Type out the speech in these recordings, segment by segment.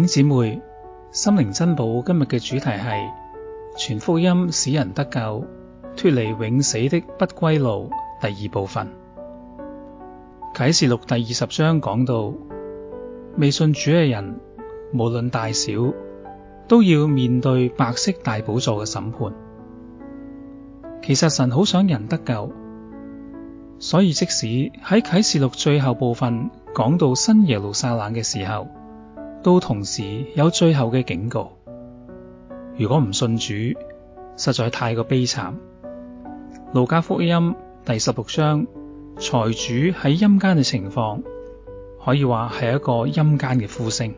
弟姐妹，心靈珍寶今日嘅主題係傳福音使人得救，脫離永死的不歸路。第二部分，啟示錄第二十章講到未信主嘅人，無論大小，都要面對白色大寶座嘅審判。其實神好想人得救，所以即使喺啟示錄最後部分講到新耶路撒冷嘅時候。都同時有最後嘅警告，如果唔信主，實在太過悲慘。路加福音第十六章財主喺陰間嘅情況，可以話係一個陰間嘅呼聲。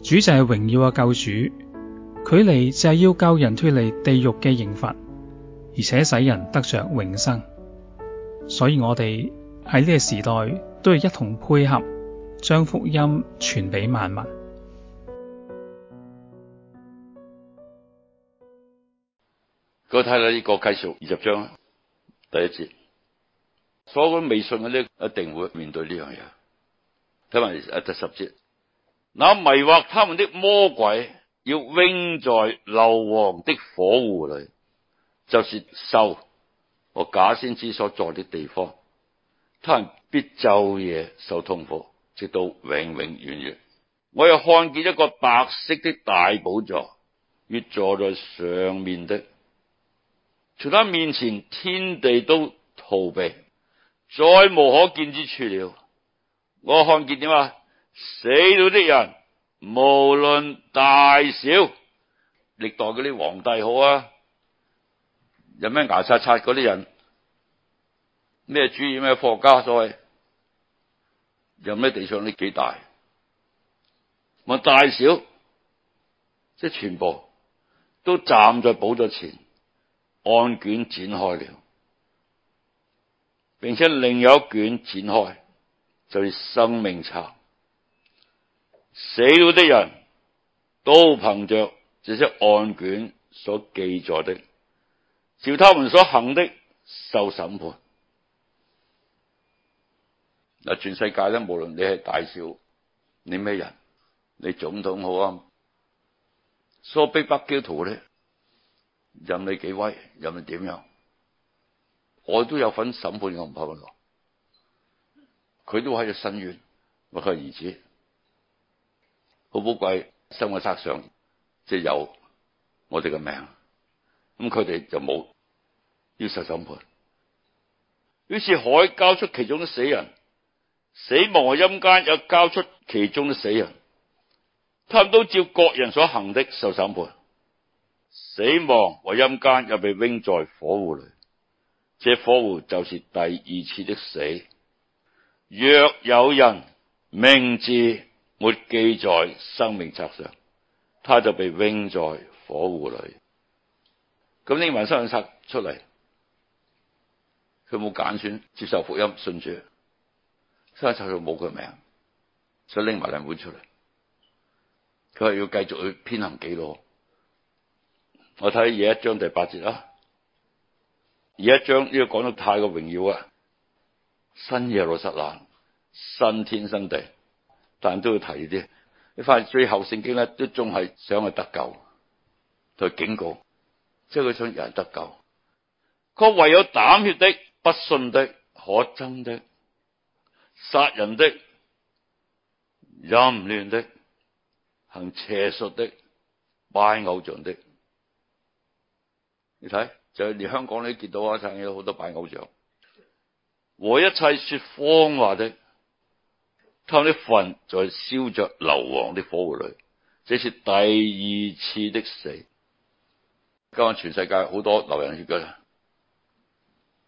主就係榮耀嘅救主，佢嚟就係要救人脫離地獄嘅刑罰，而且使人得着永生。所以我哋喺呢個時代都要一同配合。將福音傳俾萬民。我看看個睇到呢個啟示錄二十章第一節，所有嘅未信嘅咧一定會面對呢樣嘢。睇下啊，第十節，那迷惑他們的魔鬼要永在硫磺的火湖裡，就是獸和假先知所在的地方，他人必晝夜受痛苦。直到永永遠遠，我又看見一個白色的大寶座，與坐在上面的，從他面前天地都逃避，再無可見之處了。我看見點啊？死咗啲人，無論大小，歷代啲皇帝好啊，有咩牙擦擦啲人，咩主義咩科學家所謂。有咩地上，呢幾大我大小，即全部都站在寶座前，案卷展開了，並且另有一卷展開，就係、是、生命冊。死了的人都憑着這些案卷所記載的，照他們所行的受審判。嗱，全世界咧，無論你係大小，你咩人，你總統好啊，蘇比北嬌圖咧，任你幾威，任你點樣，我都有份審判，我唔怕嘅。佢都喺度伸冤，我佢兒子好寶貴，生命冊上即係有我哋嘅名，咁佢哋就冇要受審判。於是海交出其中嘅死人。死亡和陰間又交出其中的死人，他們都照各人所行的受審判。死亡和陰間又被扔在火湖裡，這火湖就是第二次的死。若有人名字沒記在生命冊上，他就被扔在火湖裡。咁呢位生命冊出嚟，佢有冇揀選接受福音信主？新舊都冇佢名，所以拎埋兩本出嚟，佢係要繼續去編行記錄。我睇二一章第八節啦，二一章呢、這個講得太過榮耀啊，新耶路撒冷，新天新地，但都要提啲。你發現最後聖經呢，都仲係想去得救，就警告，即係佢想有人得救，佢話，唯有膽怯的、不信的、可憎的。殺人的、淫亂的、行邪術的、拜偶像的，你睇，就連香港你見到啊，睇到好多拜偶像，和一切說謊話的，他們的分就在燒着硫磺的火湖裡，這是第二次的死。今日全世界好多流人血噶啦，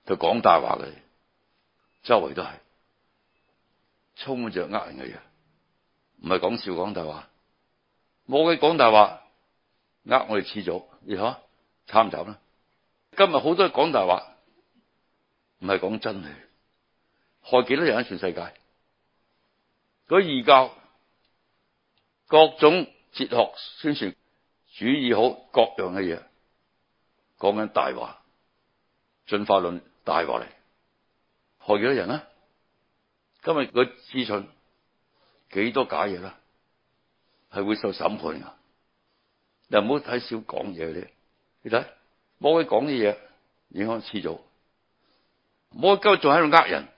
佢講大話嘅，周圍都係。充滿著呃人嘅嘢，唔係講笑，講大話，冇佢講大話，呃我哋始祖，你睇慘唔慘啦。今日好多講大話，唔係講真嘅，害幾多人喺、啊、全世界？佢異教各種哲學宣傳主義好各樣嘅嘢，講緊大話，進化論大話嚟，害幾多人啊？因為佢資訊幾多假嘢啦，係會受審判噶。你唔好睇少講嘢啲，你睇摸佢講啲嘢影響次做，摸佢今日仲喺度呃人，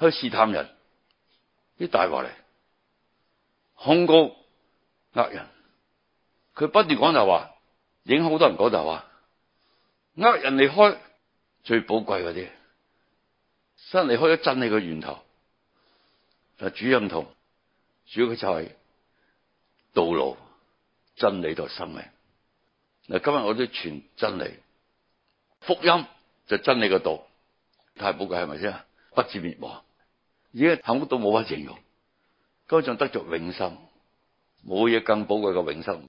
去試探人啲大話嚟，控告呃人，佢不斷講大話影響好多人講大話呃人離開最寶貴嗰啲，真離開咗真理嘅源頭。主任同，主要佢就係道路真理同生命嗱。今日我都傳真理福音就真理嘅道，太寶貴係咪先？不致滅亡，而家幸福到冇乜形容，加上得着永生，冇嘢更寶貴嘅永生。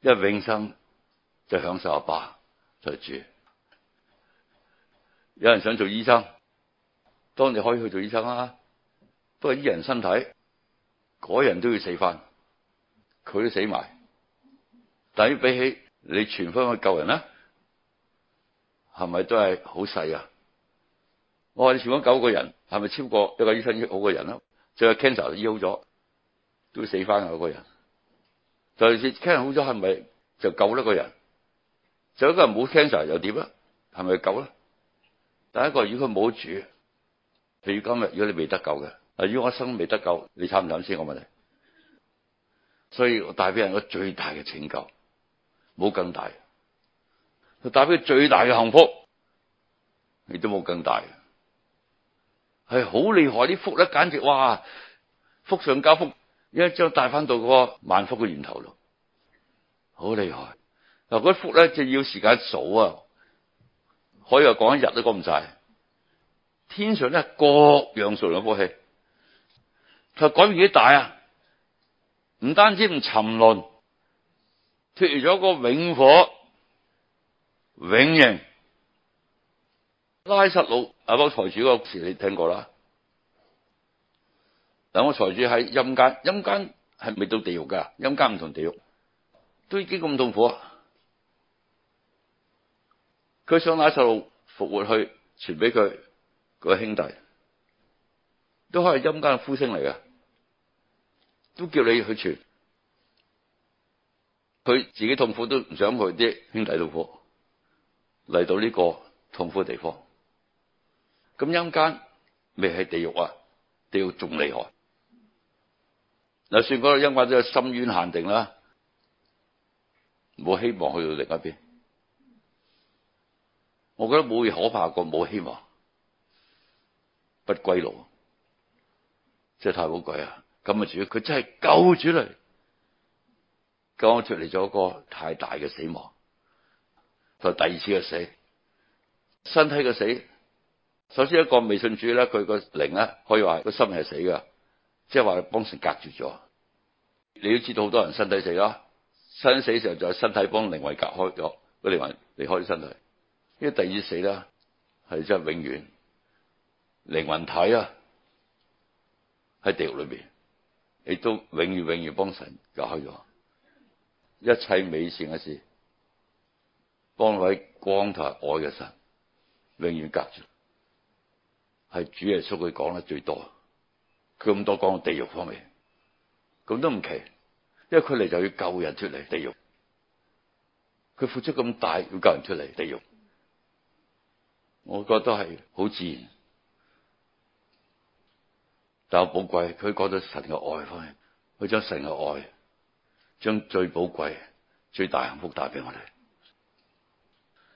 一永生就享受阿爸，爸就住、是，有人想做醫生，當然你可以去做醫生啊。都係醫人身體，嗰人都要死翻，佢都死埋。但係比起你傳福音去救人咧，係咪都係好細啊？我話你傳福音救個人，係咪超過一個醫生醫好個人啦？最後 cancer 醫好咗，都死翻嗰個人。就算 cancer 好咗，係咪就救得個人？就一個人冇 cancer 又點咧？係咪救咧？第一個如果佢冇主，譬如今日如果你未得救嘅。啊！如果一生未得救，你慘唔慘先？我問你。所以我帶俾人個最大嘅拯救，冇更大。我帶俾最大嘅幸福，你都冇更大。係好厲害，啲福咧簡直哇！福上加福，一直帶翻到個萬福嘅源頭咯。好厲害！嗱，嗰啲福咧就要時間數啊，可以講一日都講唔晒。天上咧各樣數量福氣。佢改變幾大啊！唔單止唔沉淪，脱咗個永火永刑。拉撒路阿波財主嗰時你聽過啦。嗱，個財主喺陰間，陰間係未到地獄噶陰間唔同地獄，都幾咁痛苦。佢想拉撒路復活去，傳俾佢個兄弟，都係陰間嘅呼聲嚟嘅。都叫你去傳，佢自己痛苦都唔想去啲兄弟老婆嚟到呢個痛苦嘅地方，咁陰間未係地獄啊，地獄仲厲害。嗱，算嗰個陰間都有深淵限定啦，冇希望去到另一邊，我覺得冇嘢可怕過冇希望，不歸路，真係太好鬼啊！咁啊！主佢真係救主嚟，救我出嚟咗一個太大嘅死亡。就第二次嘅死，身體嘅死。首先一個未信主咧，佢個靈咧可以話個心係死噶，即係話幫神隔住咗。你都知道好多人身體死啦，身死嘅時候就係身體幫靈位隔開咗，個靈魂離開咗身體。呢個第二次死啦，係真係永遠靈魂體啊，喺地獄裏邊。你都永遠永遠幫神搞咗一切美善嘅事，幫位光和愛嘅神永遠隔住。係主耶穌佢講得最多，佢咁多講地獄方面，咁都唔奇，因為佢嚟，就要救人出嚟地獄，佢付出咁大要救人出嚟地獄，我覺得係好自然。但係寶貴，佢覺得神嘅愛，翻去佢將神嘅愛，將最寶貴、最大幸福帶俾我哋。